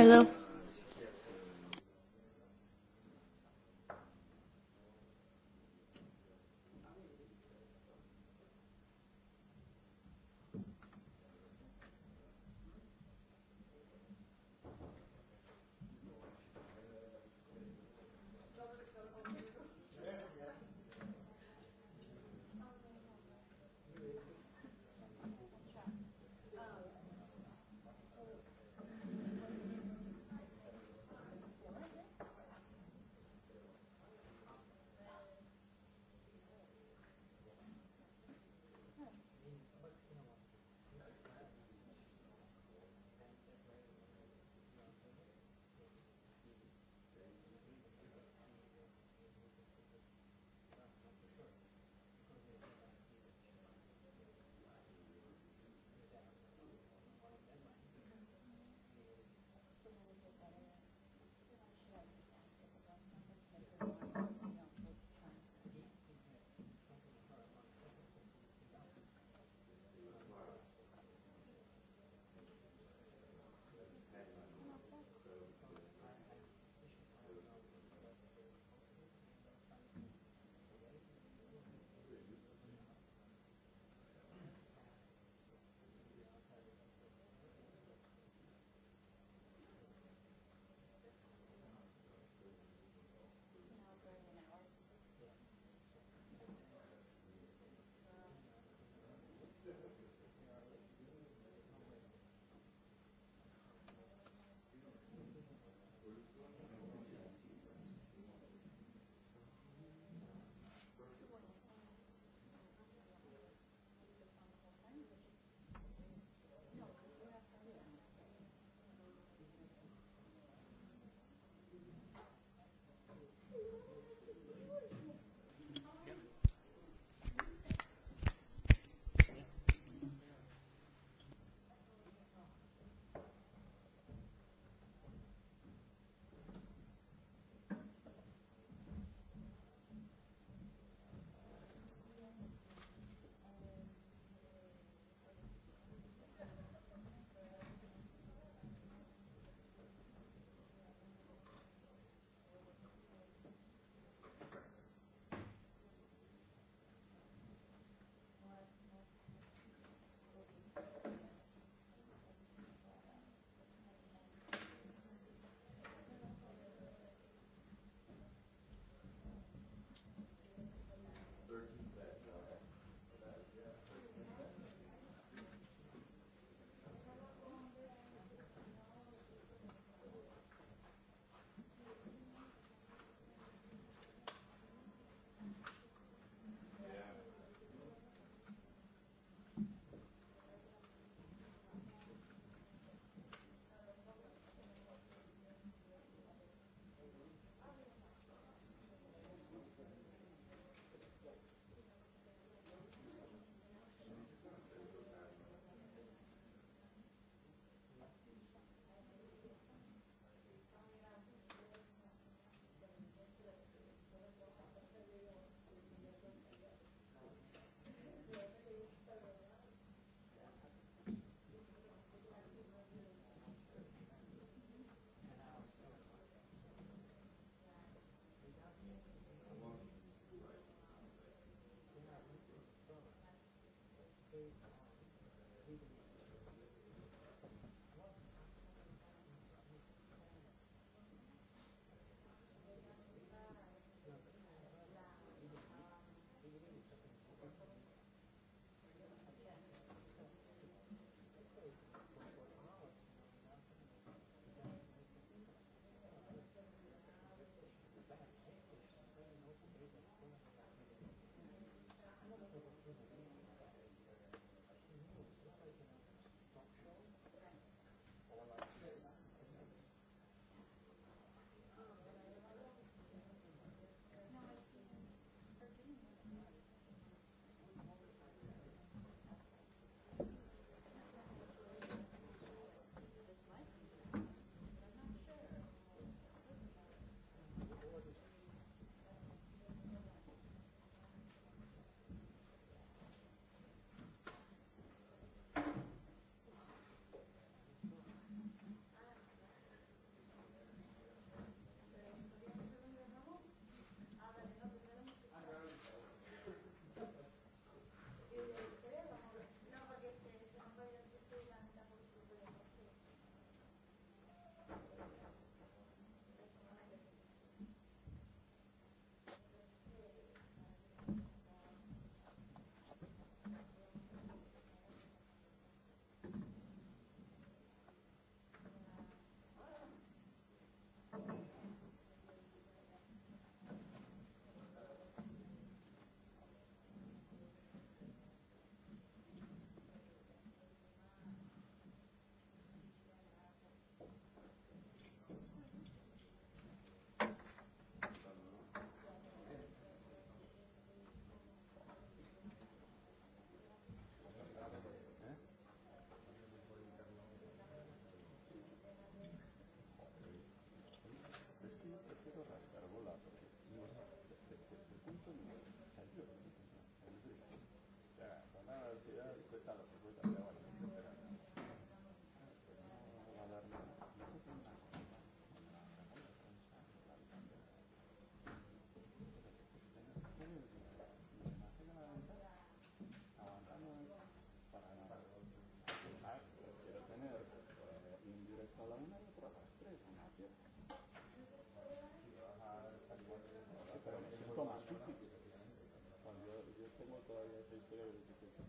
Hello.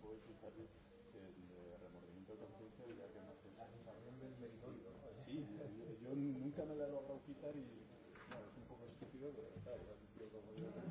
puede fijar el remordimiento de conciencia Sí, yo, nunca me la he logrado quitar y, claro, es un poco estúpido, pero claro, como yo.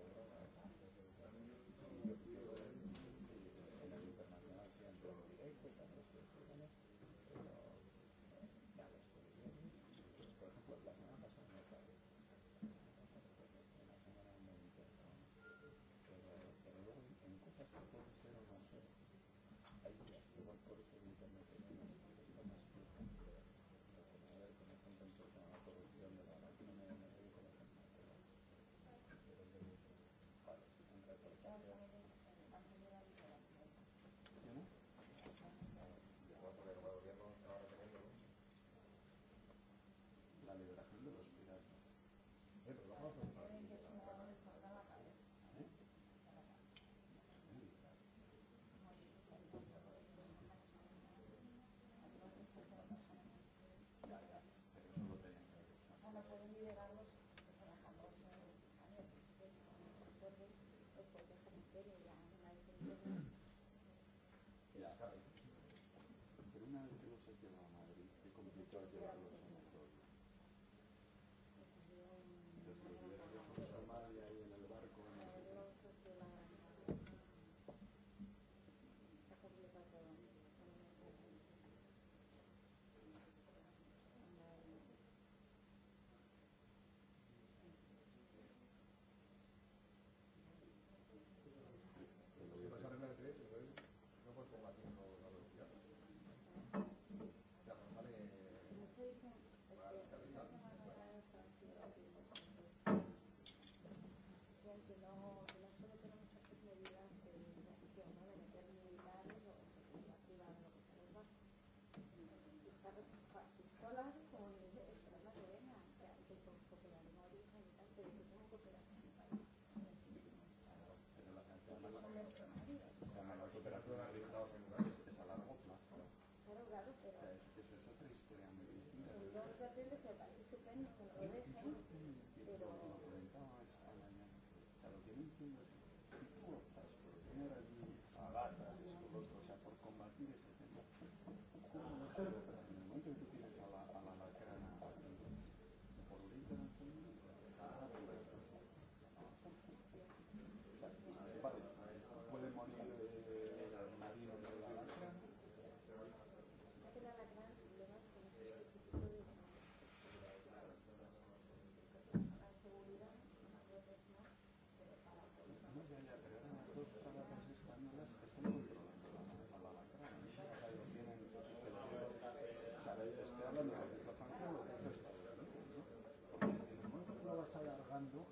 Duch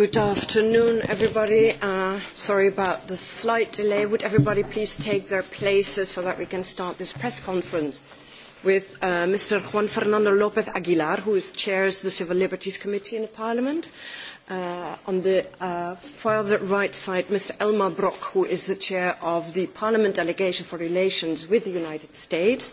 Good afternoon, everybody. Uh, sorry about the slight delay. Would everybody please take their places so that we can start this press conference with uh, Mr. Juan Fernando López Aguilar, who chairs the Civil Liberties Committee in the Parliament. Uh, on the uh, further right side, Mr. Elmar Brok, who is the chair of the Parliament Delegation for Relations with the United States.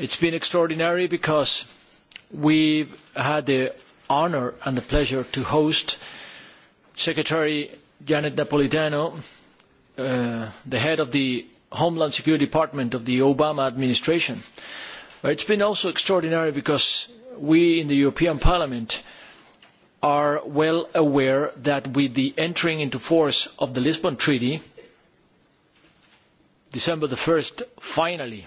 It's been extraordinary because we've had the honor and the pleasure to host Secretary Janet Napolitano, uh, the head of the Homeland Security Department of the Obama administration. it's been also extraordinary because we in the European Parliament are well aware that with the entering into force of the Lisbon Treaty, December the 1st, finally,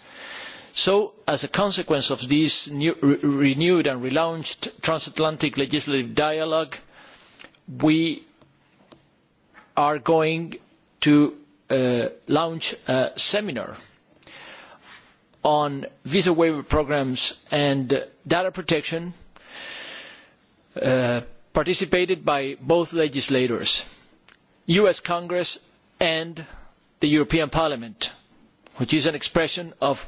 So, as a consequence of this renewed and relaunched transatlantic legislative dialogue, we are going to uh, launch a seminar on visa waiver programmes and data protection, uh, participated by both legislators, US Congress and the European Parliament, which is an expression of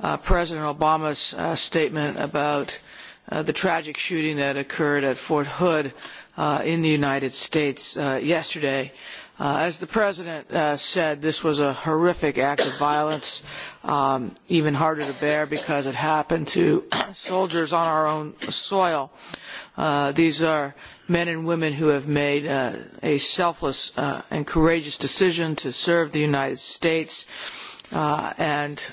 Uh, president Obama's uh, statement about uh, the tragic shooting that occurred at Fort Hood in the United States yesterday. Uh, as the president uh, said, this was a horrific act of violence, um, even harder to bear because it happened to soldiers on our own soil. Uh, these are men and women who have made a selfless and courageous decision to serve the United States and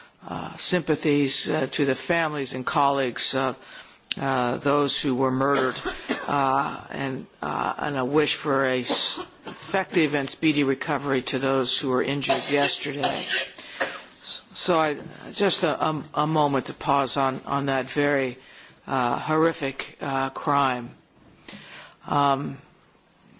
Uh, sympathies uh, to the families and colleagues of uh, those who were murdered uh, and, uh, and, a wish for a effective and speedy recovery to those who were injured yesterday. So I, just a, a, a, moment to pause on, on that very horrific crime. Um,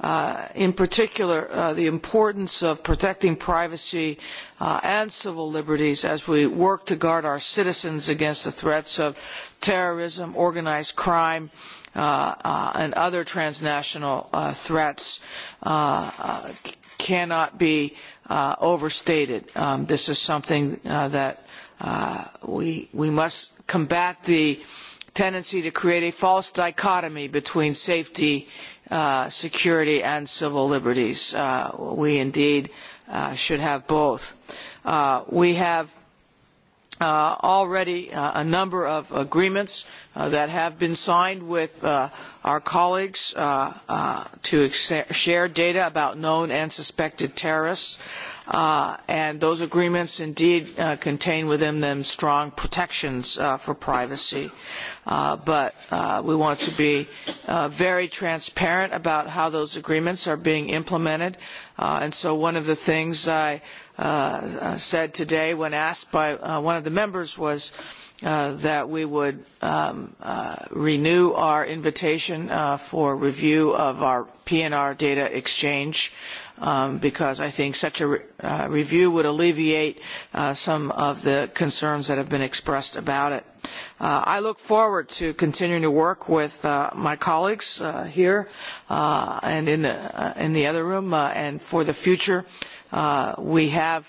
Uh, in particular uh, the importance of protecting privacy uh, and civil liberties as we work to guard our citizens against the threats of terrorism, organized crime, uh, uh, and other transnational threats cannot be overstated. Um, this is something that we, we must combat the tendency to create a false dichotomy between safety and Uh, security and civil liberties. Uh, we indeed uh, should have both. Uh, we have uh, already uh, a number of agreements uh, Uh, that have been signed with uh, our colleagues uh, uh, to share data about known and suspected terrorists. Uh, and those agreements indeed uh, contain within them strong protections uh, for privacy. Uh, but uh, we want to be uh, very transparent about how those agreements are being implemented. Uh, and so one of the things I uh, said today when asked by uh, one of the members was, uh, Uh, that we would um, uh, renew our invitation uh, for review of our PNR data exchange um, because I think such a re uh, review would alleviate uh, some of the concerns that have been expressed about it. I look forward to continuing to work with my colleagues here and in the, in the other room and for the future. we have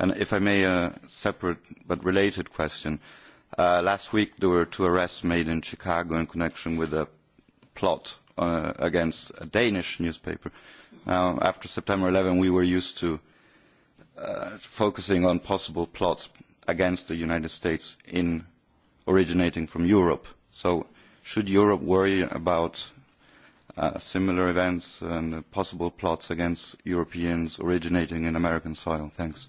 And if I may, a separate but related question. Uh, last week there were two arrests made in Chicago in connection with a plot uh, against a Danish newspaper. after September 11, we were used to uh, focusing on possible plots against the United States in originating from Europe. So should Europe worry about similar events and possible plots against Europeans originating in American soil? Thanks.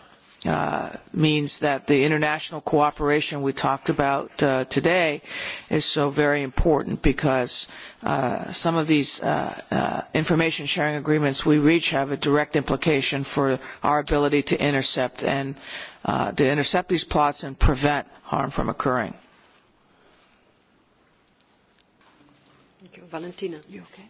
Uh, means that the international cooperation we talked about uh, today is so very important because uh, some of these uh, uh, information sharing agreements we reach have a direct implication for our ability to intercept and to intercept these plots and prevent harm from occurring. Thank you. Valentina, you okay?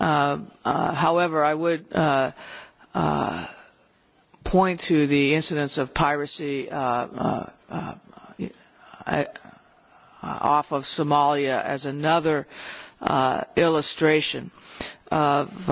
Uh, uh, however, I would uh, point to the incidence of piracy off of Somalia as another illustration of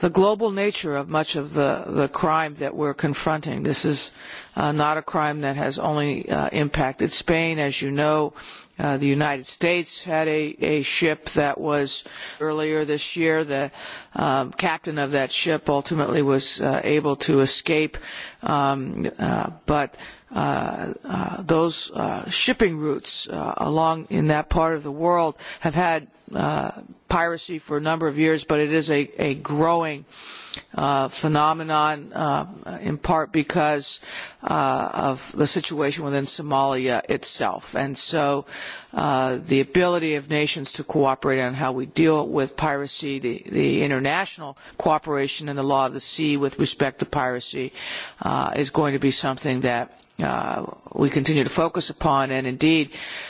the global nature of much of the, the crime that we're confronting. This is uh, not a crime that has only uh, impacted Spain. As you know, uh, the United States had a, a ship that was earlier this year. The um, captain of that ship ultimately was uh, able to escape Um, uh, but uh, uh, those uh, shipping routes uh, along in that part of the world have had uh, piracy for a number of years, but it is a, a growing uh, uh, phenomenon, uh, in part because uh, of the situation within Somalia itself. And so uh, the ability of nations to cooperate on how we deal with piracy, the, the international cooperation in the law of the sea with respect to piracy uh, is going to be something that uh, we continue to focus upon. And indeed, uh,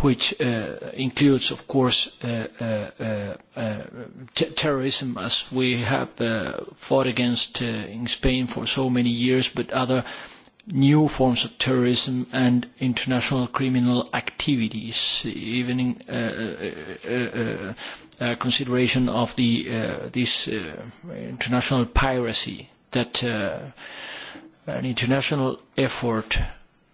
which uh, includes, of course, uh, uh, uh, uh terrorism, as we have uh, fought against in Spain for so many years, but other new forms of terrorism and international criminal activities, even in consideration of the this international piracy that an international effort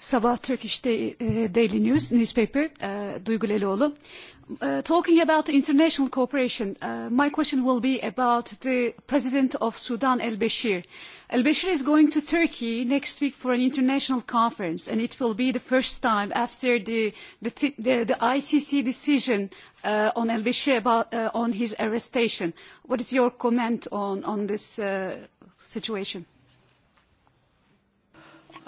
Sabah Turkish Day, uh, Daily News newspaper, uh, Duygu Uh, talking about international cooperation, uh, my question will be about the president of Sudan, al-Bashir. Al-Bashir is going to Turkey next week for an international conference, and it will be the first time after the, the, the, the ICC decision uh, on al-Bashir about uh, on his arrestation. What is your comment on, on this uh, situation?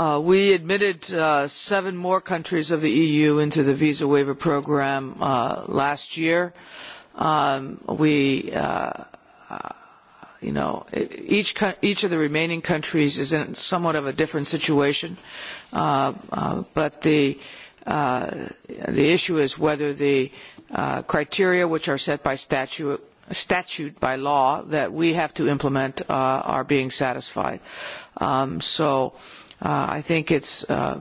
Uh, we admitted uh, seven more countries of the EU into the visa waiver program uh, last year. Um, we, uh, uh, you know, e, each each of the remaining countries is in somewhat of a different situation, but the the issue is whether the criteria which are set by statute statute by law that we have to implement are being satisfied. Um, so Uh, I think it's uh,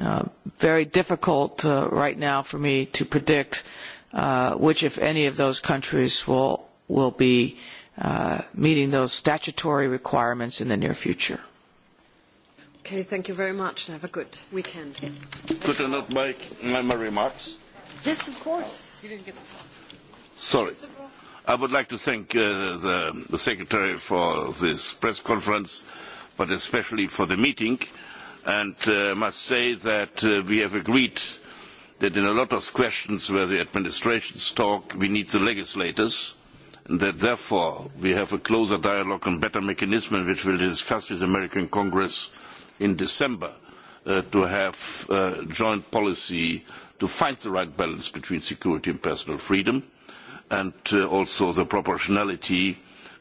uh, very difficult uh, right now for me to predict uh, which, if any, of those countries will will be uh, meeting those statutory requirements in the near future. Okay, thank you very much, and have a good weekend. Could I not make my, remarks? Yes, of course. Sorry. I would like to thank uh, the, the Secretary for this press conference but especially for the meeting. And I uh, must say that uh, we have agreed that in a lot of questions where the administrations talk, we need the legislators, and that therefore we have a closer dialogue and better mechanism which we'll discuss with the American Congress in December uh, to have a uh, joint policy to find the right balance between security and personal freedom and uh, also the proportionality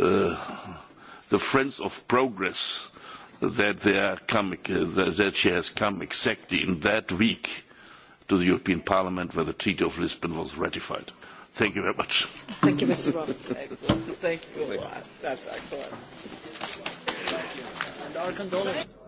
Uh, the friends of progress that they are come, uh, that she has come exactly in that week to the European Parliament where the Treaty of Lisbon was ratified. Thank you very much. Thank you, Mr. Roth. Thank you That's excellent. And our condolences.